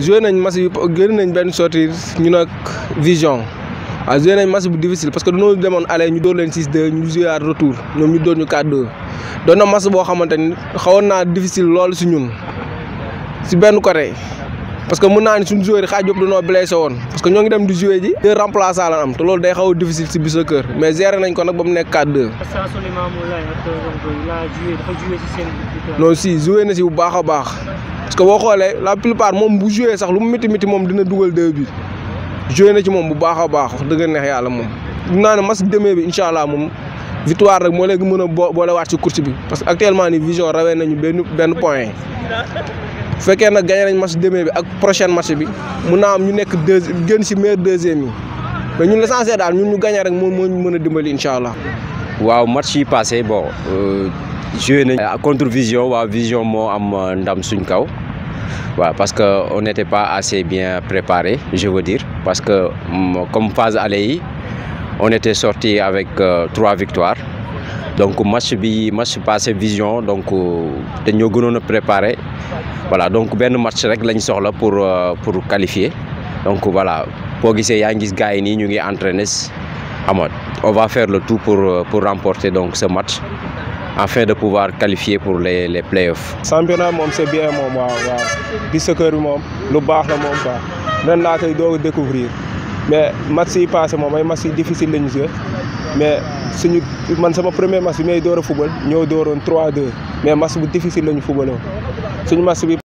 joué nañ match bi gën nañ ben sortir ñu nag vision a ah, joué nañ match bu difficile parce que dañoo demone aller ñu dóor leen 6-2 ñu joué à retour ñom ñu dóor ñu 4-2 do na match bo xamanteni ni xawoon difficile lool ci ñun ci ben côté parce que mën naa ni suñu joueur yi xaaj yëpp dañoo blessé won parce que ñoo ngi dem du jouer ji deux remplaçant la am te loolu day xaw difficile ci biso cœur mais géré nañ ko nak bam nek 4-2. non si joué na ci bu baaxa baax. parce que boo la plupart moom bu joué sax lu mu miti miti moom dina dugal deux bi joué na ci moom bu baax a baax wax dëgg neex yàlla moom. dinaa ne mas demee bi incha allah moom victoire rek moo léegi mën a boo boolewaat ci course bi parce que actuellement ni vision rawee nañu benn benn point bu fekkee nag nañ match demee bi ak prochaine match bi mun naa am ñu nekk deux gën si meilleur deuxième yi mais ñun l'essentiel daal ñun ñu gagné rek moom moo ñu mën a dimbali incha waaw match yi passé boo euh, joué suis euh, contre vision ou vision moo am euh, ndam parce que on n'était pas assez bien préparé je veux dire parce que mm, comme phase aller on était sorti avec euh, trois victoires donc match bi match passé vision donc nous gënon a préparé voilà donc ben match rek lañ soxla pour pour qualifier donc voilà pour que ya ngi gaay ni ñu entraîner on va faire le tout pour pour remporter donc ce match afin de pouvoir qualifier pour les les playoffs. championnat moom c'est bien moom waaw waaw bi sa kër moom lu baax la moom quoi ren laa koy doog découvrir mais match yi passé moom ay match yi difficile la ñu joué mais suñu man sama premier match bi may door a fubal ñoo dooroon 3-2 mais match bu difficile la ñu fubaloo suñu match bi.